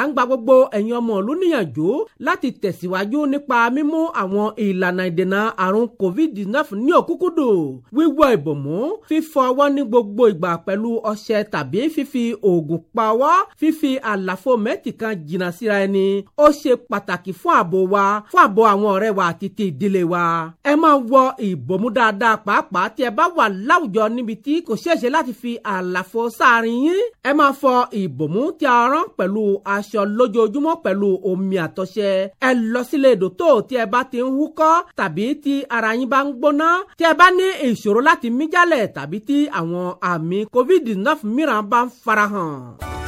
à ń gba gbogbo ẹ̀yin ọmọ ìlú níyànjú láti tẹ̀síwájú nípa mímú àwọn ìlànà ìdènà àrùn covid-19 ní òkúkúdùn wíwọ ìbòmú fífọ ọwọ́ ní gbogbo ìgbà pẹ̀lú ọṣẹ tàbí fífi oògùn pa ọwọ́ fífi àlàfo mẹ́tì kan jìnnà síra ẹni ó ṣe pàtàkì fún ààbò wa fún ààbò àwọn ọ̀rẹ́ wa àti ti ìdílé wa ẹ máa wọ ìbòmú dáadáa pàápàá tí ẹ bá wà láwùjọ níbi tí kò ṣeéṣe láti fi àlàfo sáàrin a aṣọ lójoojúmọ́ pẹ̀lú omi àtọṣẹ ẹ lọ sílé ìdòtò tí ẹ bá ti ń húkọ́ tàbí tí ara yín bá ń gbóná tí ẹ bá ní ìṣòro láti mí jálẹ̀ tàbí tí àwọn àmì covid-19 mìíràn bá ń farahàn.